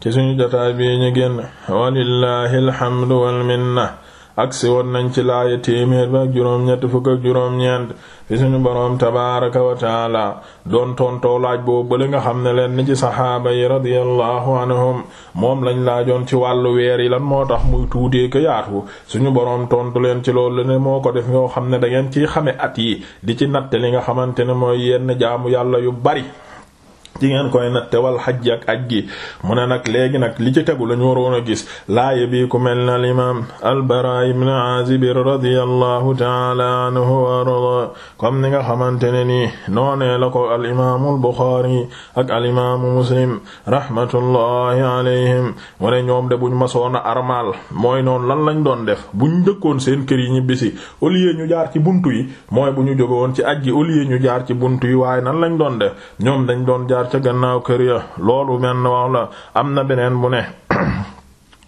ci suñu jotaay bii ñu génn walillahi alhamdu wal minna agsi woon nañ ci laaya téeméer ba ak juróom-ñett fukk ak juróom-ñeent fi suñu boroom tabaaraka wa taala doon tontoo laaj boobu li nga xam ne leen ni ci saxaaba yi radiyallahu anhum moom lañ laajoon ci wàllu weer yi lan moo tax muy tuutee ko yaatu suñu boroom tontu leen ci loolu ne moo ko def yoo xam ne da ngeen ciy xame at yi di ci natte li nga xamante ne mooy yenn jaamu yàlla yu bari ci ngeen koy natte wal xajji ak aj gi mu ne nag léegi nag li ci tegu lañu waroon a gis laaye bii ku mel na alimaam albara ibn azib radiyallahu taala anhu wa arda comme ni nga xamante ne nii noonee la ko alimaamu albuxaari ak alimaamu muslim rahmatullahi alayhim mu ne ñoom de buñ masoon a armal mooy noonu lan lañ doon def bu ñu njëkkoon seen kër yi ñibbisi au lieu ñu jaar ci buntu yi mooy bu ñu jogo woon ci aj gi au lieu ñu jaar ci buntu yi waaye nan lañ doon def ñoom dañ doon jaar jaar ca gannaaw kër ya loolu benn wax la am na beneen bu ne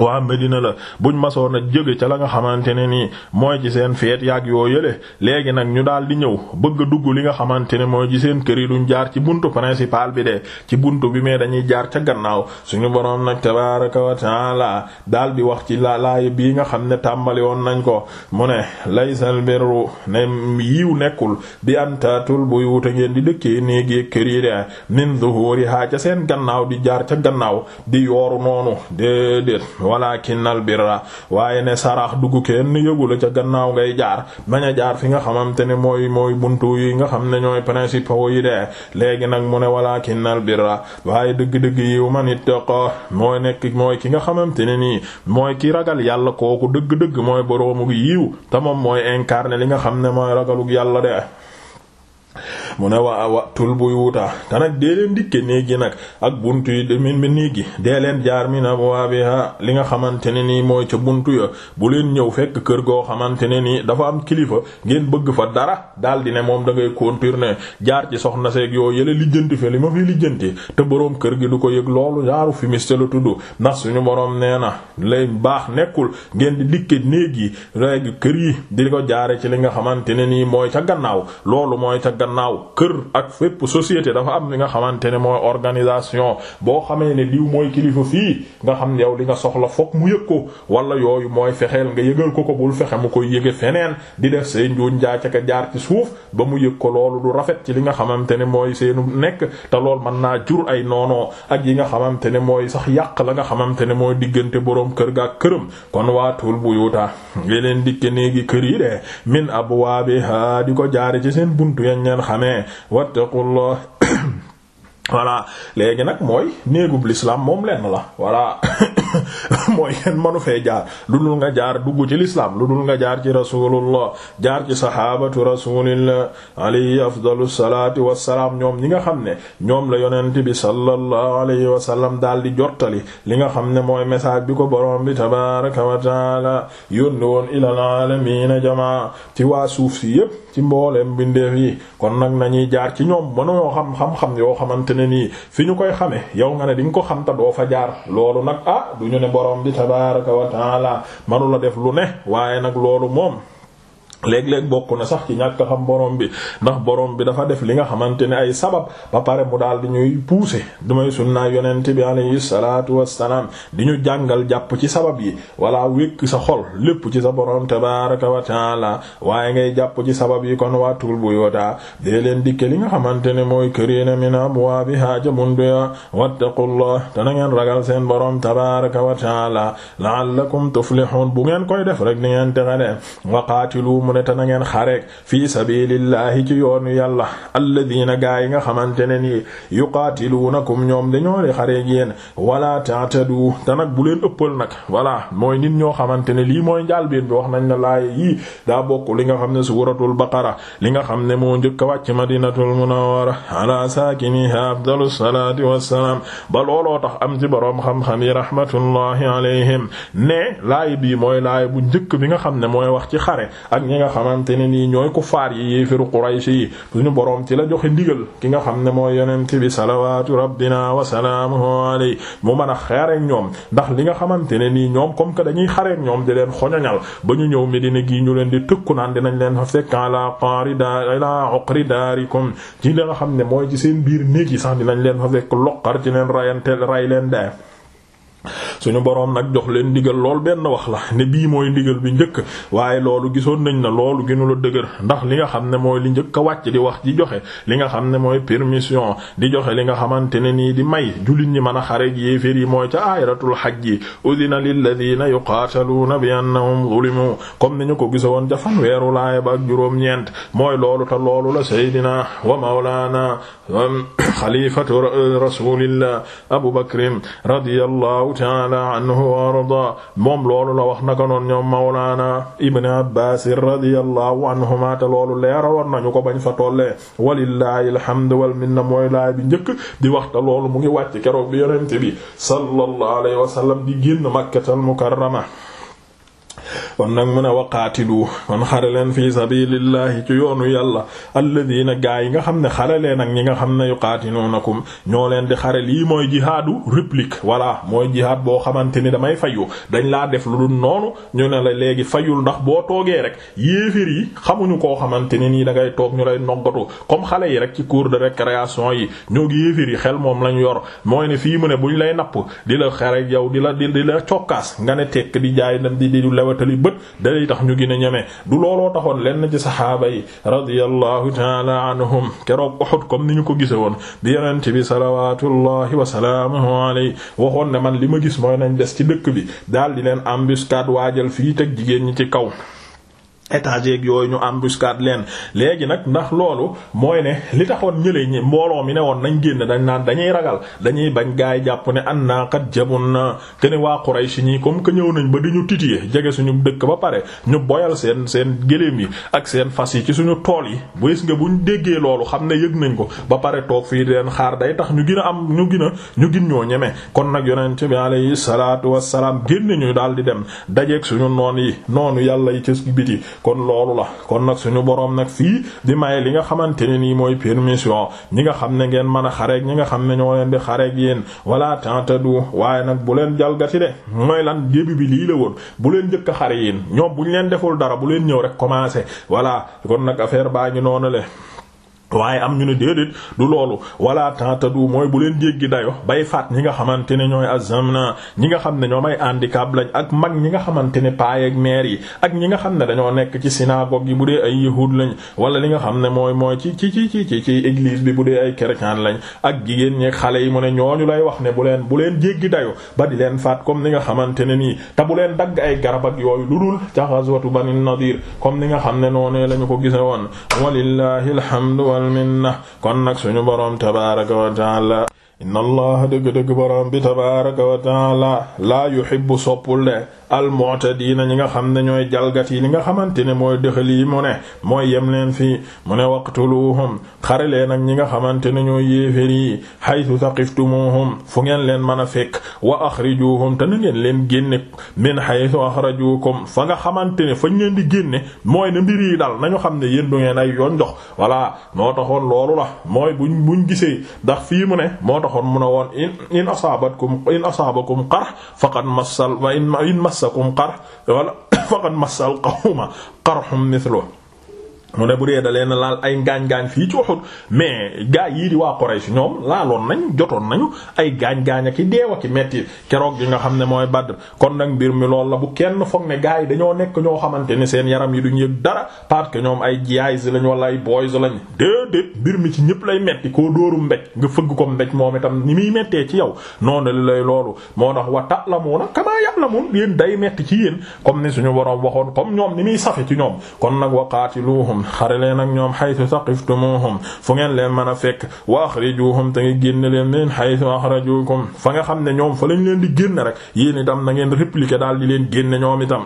waa Medina la buñ masoon a jóge ca la nga xamante ne nii mooy ci seen feet yaag yoo yële léegi nag ñu daal di ñëw bëgg dugg li nga xamante ne mooy ci seen kër yi duñ jaar ci buntu principal bi de ci buntu bi mais dañuy jaar ca gannaaw suñu boroom nag tabaaraka wa taala daal di wax ci laalaay bii nga xam ne tàmbali woon nañ ko mu ne laysal birru ne yiw nekkul bi antaatul buy wuta ngeen di dëkkee néegi kër yi de min zuhuriha ca seen gannaaw di jaar ca gannaaw di yooru noonu déedéet walaakinnal birra waaye ne sarax dugg kenn yëgu la ca gannaaw ngay jaar bañ a jaar fi nga xamante ne mooy mooy buntu yi nga xam ne ñooy principaux yi de léegi nag mu ne walaakinnal birra waaye dëgg-dëgg yiw man ittaqa mooy nekk mooy ki nga xamante ne nii mooy ki ragal yàlla kooku dëgg-dëgg mooy boroomu yiw te moom mooy incarné li nga xam ne mooy ragalug yàlla de mu ne wa awatul buyuuta te nag dee leen dikke néeg yi nag ak bunt yi de min mi néeg yi dee leen jaar na min abwaabiha li nga xamante ne nii mooy ca bunt ya bu leen ñëw fekk kër goo xamante ne nii dafa am kilifa ngeen bëgg fa dara daal di ne moom da ngay contourner jaar ci soxna seeg yoo yële lijjanti fe li ma fi lijjanti te boroom kër gi du ko yëg loolu jaaru fi miste la tudd ndax suñu boroom nee na lay baax nekkul ngeen di dikke néeg yi léegi kër yi di ko jaare ci li nga xamante ne nii mooy ca gannaaw loolu mooy ca gannaaw kër ak fépp société dafa am li nga xamante ne mooy organisation boo xamee ne diw mooy kilifa fii nga xam yow li nga soxla fokk mu yëg ko wala yooyu mooy fexeel nga yëgal ko ko bul fexe mu koy yëge feneen di def seen njuuñ njaay ca ka jaar ci suuf ba mu yëg ko loolu du rafet ci li nga xamante ne mooy seenu nekk te lool man naa jur ay noonoo ak yi nga xamante ne mooy sax yàq la nga xamante ne mooy diggante boroom kër ga ak këram kon waatul buyuta ngi leen dikke kër yi de min di ko jaare ci seen buntu yañ leen xamee ne wattaqullah voilà léegi nag mooy néegub l'islam moom lenn la voilà mooy kenn manu fa jaar lu dul nga jaar dugg ci lislaam lu dul nga jaar ci rasulullah jaar ci sahabatu rasulillah alayhi afdalu salaati wassalaam ñoom ñi nga xam ne ñoom la yonent bi sallallahu alayhi wa sallam daal di jottali li nga xam ne mooy message bi ko borom bi tabaraka wa taala yónni woon ilal aalamiina jamaa ci waa suuf si yépp ci mbooleem bindeef yi kon nag nañuy jaar ci ñoom mënuñoo xam xam-xam yoo xamante ne nii fi ñu koy xamee yow nga ne di ko xam ta fa jaar loolu nag ah duñu ne borom bi tabaaraka wa taala manu la def lu ne waaye nag loolu moom léeg-léeg bokk na sax ci ñàkk xam borom bi ndax borom bi dafa def li nga xamante ne ay sabab ba pare mu daal di ñuy pousser du may sunnaa yonent bi alayhi salaatu wassalaam di ñu jàngal jàpp ci sabab yi walaa wékk sa xol lépp ci sa borom tabaaraka wa taala waaye ngay jàpp ci sabab yi kon bu buyuta dee leen dikke li nga xamante ne mooy kër yi na min abwaabihaa bunduya wattaqullah te na ngeen ragal seen borom tabaaraka wa taala la'allakum tuflihun bu ngeen koy def rek di ngeen texe mu ne te na ngeen xareek fii sabilillahi ci yoonu yàlla alladina gaa yi nga xamante ne nii yuqaatiluunakum ñoom dañoo di xareek yéen wala ta'tadu te bu leen ëppal nag voilà mooy nit ñoo xamante ne lii mooy njàlbeen bi wax nañ na laaye yii daa bokk li nga xam ne suuratul baqara li nga xam ne moo njëkk a wàcc madinatul munawwara ala saakiniha afdalu salaati wassalaam ba looloo tax am ci boroom xam-xam yi rahmatullahi alayhim ne laay bii mooy laay bu njëkk bi wax ci xare ak ñi nga xamante ne nii ñooy kuffaar yi yéefiru Quraysh yi suñu boroom ci la joxe ndigal ki nga xam ne mooy yeneen yonent bi salawaatu rabbina wa salaamuhu alayhi mu mën a xaareek ñoom ndax li nga xamante ne nii ñoom comme que dañuy xareek ñoom di leen xoñoñal ba ñu ñëw mi Medina gi ñu leen di tëkku naan dinañ leen fa fekk ala qaari daar ala uqri daarikum ci la nga xam ne mooy ci seen biir néeg yi sax dinañ leen fa fekk loqar ci leen rayanteel ray leen de suñu boroom nag jox leen ndigal lool benn wax la ne bii mooy ndigal bi njëkk waaye loolu gisoon nañ na loolu gënu la dëgër ndax li nga xam ne mooy li njëkk a wàcc di wax di joxe li nga xam ne mooy permission di joxe li nga xamante ne nii di may jullit ñi mën a xare ji yéefér yi mooy ca aayratul xaj yi udina lilladina yuqaataluuna bi annahum zulimu comme ni ko gisoon ja fanweeru laaya ba ak juróom-ñeent mooy loolu te loolu la saydina wa mawlaana um, xalifatu rasulillah abu bakrim radiyallahu ta'ala taala anhu wa arda moom loolu la wax naka noon ñoom mawlaana ibn abbaas radiyallahu anhuma te loolu leera war nañu ko bañ fa tollee walillahi alhamdu wal minna mooy laay bi njëkk di waxta loolu mu ngi wàcc keroog bi yonente bi sallallahu alayhi wa sallam di génn makkatal mukarrama kon nag mu waqaati du kon xare leen fi sabilillahi ci yoonu yàlla na gaa yi nga xam ne xare leen ak ñi nga xam ne yuqaatilunakum ñoo leen di xare lii mooy jihaadu réplique voilà mooy jihaad boo xamante ni damay fayu dañ laa def lu dul noonu ñu ne la léegi fayul ndax boo toogee rek yéefir yi xamuñu koo xamante ni nii da ngay toog ñu lay noggatu comme xale yi rek ci cours de récréation yi ñoo gi yéefir yi xel moom lañ yor mooy ne fii mu ne lay napp di la xare yow di la di la cokkaas nga ne bët day tax ñu gën ñeme du looloo taxoon lenn ci saxaaba yi radiyallahu taala anhum keroog Uhud comme ni ñu ko gise woon di yonent bi salawatullahi wa salaamuhu alayhi waxoon ne man li ma gis mooy nañ des ci dëkk bi daal di leen embuscade waajal fii teg jigéen ñi ci kaw étage yeeg yooyu ñu embuscade leen léegi nag ndax loolu mooy ne li taxoon ñëlee mbooloo mi ne woon nañ génn dañ naan dañuy ragal dañuy bañ gaay jàpp ne an naa kat jamun na te ne waa Quraysh ñi comme que ñëw nañ ba di ñu titiyee jege suñu dëkk ba pare ñu boyal seen seen géléem yi ak seen fas yi ci suñu tool yi bu gis nga bu ñu déggee loolu xam ne yëg nañ ko ba pare toog fii di leen xaar day tax ñu gën a am ñu gina ñu gin ñoo ñeme kon nag yonent bi alayhi salaatu wassalaam génn ñu daal di dem dajeeg suñu noon yi noonu yàlla yi ci biti kon loolu la kon nag suñu boroom nag fii di may li nga xamante ne nii mooy permission ñi nga xam ne ngeen mën a xareek ñi nga xam ne ñoo leen di xareek yéen wala tentadu waaye nag bu leen jalgati de mooy lan début bi lii la woon bu leen njëkk a xare yéen ñoom bu ñu leen deful dara bu leen ñëw rek commencé voilà kon nag affaire baa ngi noonu le waaye am ñu ne déedéet du loolu wala tantadu mooy bu leen jéggi dayo bay faat ñi nga xamante ne ñooy azamna ñi nga xam ne ñoom ay handicap lañ ak mag ñi nga xamante ne paay ak meer yi ak ñi nga xam ne dañoo nekk ci synagogue yi bu dee ay yahud lañ wala li nga xam ne mooy mooy ci ci ci ci ci ci église bi bu dee ay chrétien lañ ak jigéen ñi xale yi mu ne ñu lay wax ne bu leen bu leen jéggi dayo ba di leen faat comme ni nga xamante ne nii te bu leen dagg ay garab yooyu lu dul ca ghazwatu Bani Nadir comme ni nga xam ne noonee la ñu ko gise woon wal minna kon nag suñu boroom tabaaraka wa taala inna allaha dëgg-dëgg boroom bi tabaaraka wa taala laa yuhibbu soppul de almu'tadiina ñi nga xam ne ñooy jalgat yi li nga xamante ne mooy dëxal yi mu ne mooy yem leen fii mu ne waqtuluhum xare leen ak ñi nga xamante ne ñooy yéeféer yi haythu saqiftumuhum fu ngeen leen man a fekk wa akhrijuhum te na ngeen leen génne min haythu kom fa nga xamante ne fañ leen di génne mooy ne mbir yi dal nañu xam ne yéen du ngeen ay yoon jox voilà moo taxoon loolu la mooy buñ buñ gisee ndax fii mu ne moo taxoon mun ne woon in in asaabatkum in asaabakum massakum qarh wala faqad massal qawma qarhum mithluhu mu ne bu dee da leen laal ay ngaañ-ngaañ fii ci Uhud mais gaa yii di waa Quraysh ñoom laaloon nañ jotoon nañu ay gaañ-gaañ ak i deew ak metti keroog yi nga xam ne mooy Badr kon nag mbir mi loolu la bu kenn foog ne gaa yi dañoo nekk ñoo xamante ni seen yaram yi duñu yëg dara parce que ñoom ay guys lañ wala ay boys lañ déedéet mbir mi ci ñëpp lay metti koo dóoru mbéj nga fëgg ko mbéj moom itam ni muy mettee ci yow noonu li lay loolu moo tax wa la ta'lamuna kama ya'lamun yéen day metti ci yéen comme ni suñu boroom waxoon comme ñoom ni muy safe ci ñoom kon nag waqaatiluhum ñoom xare leen ak ñoom xaytu saqiftumuhum fu ngeen leen mën a fekk wa axrijuhum te ngi génn leen min xaytu axrajukum fa nga xam ne ñoom fa lañ leen di génne rek yéen itam na ngeen répliquer daal di leen génn ñoom itam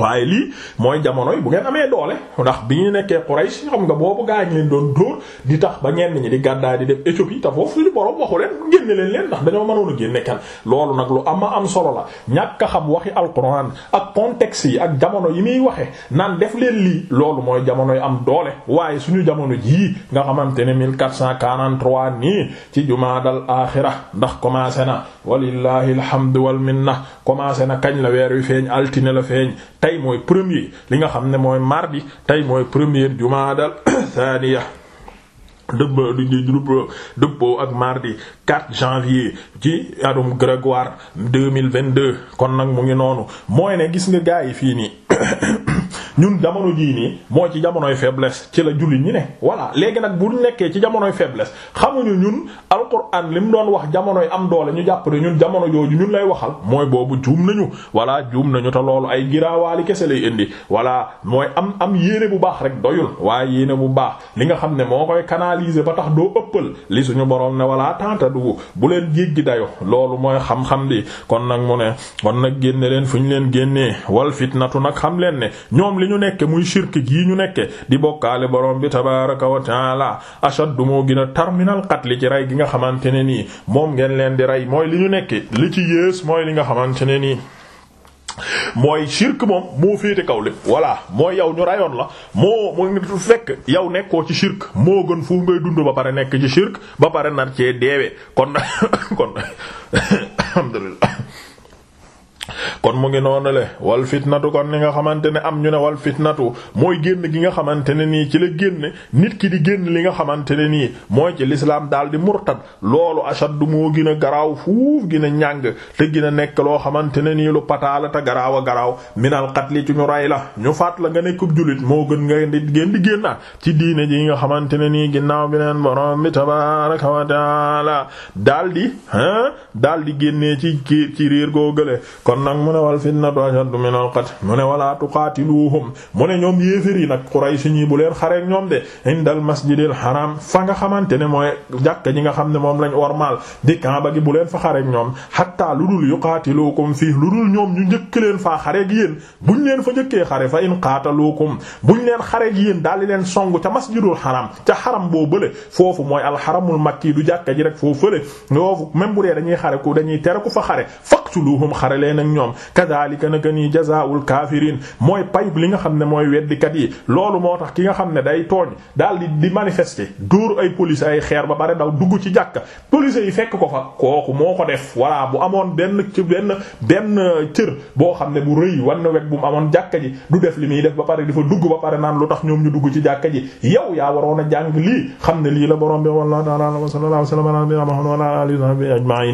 waaye lii mooy jamono yi bu ngeen amee doole ndax bi ñu nekkee Quraysh xam nga boobu gaa ñi leen doon dóor di tax ba ñenn ñi di gàddaay di def Éthiopie te foofu suñu borom waxu leen génne leen leen ndax dañoo mënoon a génne kan loolu nag lu am am solo la ñàkk a xam waxi alquran ak contexte yi ak jamono yi muy waxee naan def leen lii loolu mooy jamono yi am doole waaye suñu jamono jii nga xamante ne 1443 nii ci jumaa dal axira ndax commencé na walillahi alhamdu wal minna commencé na kañ la weer feeñ altine la feeñ tey mooy premier li nga xam ne mooy mardi tey mooy premier jumaadal saaniya dëbb dëppoo ak mardi 4 janvier ci mille vingt 2022 kon nag mu ngi noonu mooy ne gis nga gaa yi fii nii ñun jamono jii nii mooy ci jamonoy faiblesse ci la jullit ñi ne voilà léegi nag bu nekkee ci jamonoy faiblesse xamuñu ñun alquran li mu doon wax jamonoy am doole ñu jàpp ne ñun jamono jooju ñun lay waxal mooy boobu juum nañu voilà juum nañu te loolu ay giraawaali kese lay indi voilà mooy am am yéene bu baax rek doyul waaye yéene bu baax li nga xam ne moo koy canaliser ba tax doo ëppal li suñu borom ne voilà tanta dugg bu leen jéggi dayo loolu mooy xam-xam kon nag mu ne kon nag génne leen fu ñu leen génnee wal fitnatu nag xam leen ne li ñu nekkee muy shirk gii ñu nekke di bokkaale borom bi tabaraka wa taala ashaddu moo gën a terminal qatli ci rey gi nga xamante ne nii moom ngeen leen di rey mooy li ñu nekke li ci yées mooy li nga xamante ne nii mooy shirk moom moo féete kaw lépp voilà mooy yow ñu rayoon la moo moo ngi fekk yow nekkoo ci shirk moo gën fu ngay dund ba pare nekk ci shirk ba pare nar cee deewee kon kon alhamdulillah kon mu ngi noonu le wal fitnatu kon ni nga xamante ne am ñu ne wal fitnatu mooy génn gi nga xamante ne nii ci la génn nit ki di génn li nga xamante ne nii mooy ci lislaam daal di murtad loolu ashaddu moo gën a garaaw fuuf gën a ñàng te gën a nekk loo xamante ne nii lu pataala te garaaw a garaaw minal qatli ci ñu rey la ñu faat la nga nekkub jullit moo gën nga di génn di génnaat ci diine ji nga xamante ne nii ginnaaw bi neen borom bi tabaaraka wa taala daal di hein daal di génnee ci ci réer goo mu ne wal fitnatu ashaddu min al qatl mu ne wala tuqaatiluhum mu ne ñoom yéefér yi nag Quraysh ñi bu leen xareek ñoom de indal masjidil haram fa nga xamante ne mooy jàkka ji nga xam ne moom lañ ormal di Kaaba gi bu leen fa xareek ñoom hatta lu dul yuqaatilukum fii lu dul ñoom ñu jëkk leen faa xareek yéen buñ leen fa njëkkee xare fa in qaatalukum buñ leen xareek yéen daal di leen song ca masjidul haram ca haram boo bële foofu mooy alxaramul makki du jàkka ji rek foofu fële ñoofu même bu dee dañuy xare ku dañuy tere ku fa xare faqtuluhum xare ak ñoom kadhalika naka nii jazaa'ul kaafiriin mooy payub li nga xam ne mooy weddikat yi loolu moo tax ki nga xam ne day tooñ daal di di manifester duur ay police ay xeer ba bare daw dugg ci jàkka police yi fekk ko fa kooku moo ko def voilà bu amoon benn benn benn cër boo xam ne bu rëy bu mu amoon jàkka ji def li muy def ba pare dafa dugg ba pare naan lu tax ñoom ñu dugg ci jàkka ji yow yaa waroon a jàng lii xam ne lii la borom bi wallahu ta'ala wa sallallahu alayhi wa sallam ala nabiyyina muhammadin wa ala alihi